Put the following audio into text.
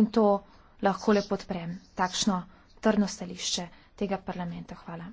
in to lahko le podprem, takšno trdno stališče tega parlamenta. Hvala.